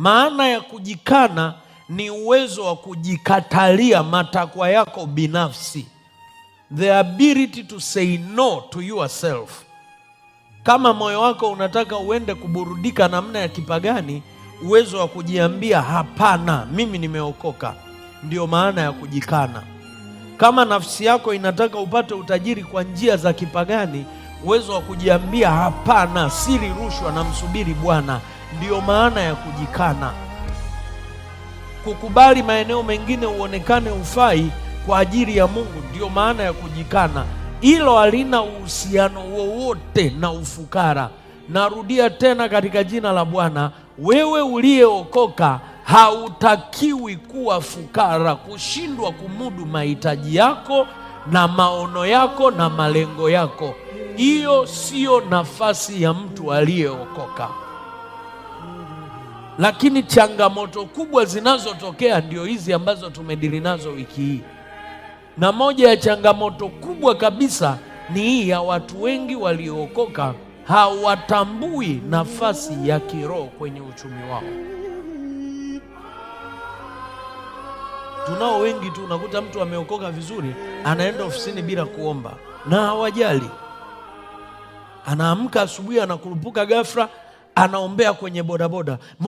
Maana ya kujikana ni uwezo wa kujikatalia matakwa yako binafsi, the ability to say no to yourself. Kama moyo wako unataka uende kuburudika namna ya kipagani, uwezo wa kujiambia hapana, mimi nimeokoka, ndiyo maana ya kujikana. Kama nafsi yako inataka upate utajiri kwa njia za kipagani uwezo wa kujiambia hapana, sili rushwa, namsubiri Bwana. Ndiyo maana ya kujikana, kukubali maeneo mengine uonekane ufai kwa ajili ya Mungu. Ndiyo maana ya kujikana. Hilo halina uhusiano wowote na ufukara. Narudia tena katika jina la Bwana, wewe uliyeokoka hautakiwi kuwa fukara, kushindwa kumudu mahitaji yako na maono yako na malengo yako hiyo siyo nafasi ya mtu aliyeokoka. Lakini changamoto kubwa zinazotokea ndio hizi ambazo tumedili nazo wiki hii, na moja ya changamoto kubwa kabisa ni hii ya watu wengi waliookoka hawatambui nafasi ya kiroho kwenye uchumi wao. Tunao wengi tu, unakuta mtu ameokoka vizuri, anaenda ofisini bila kuomba na hawajali anaamka asubuhi, anakurupuka ghafla, anaombea kwenye bodaboda.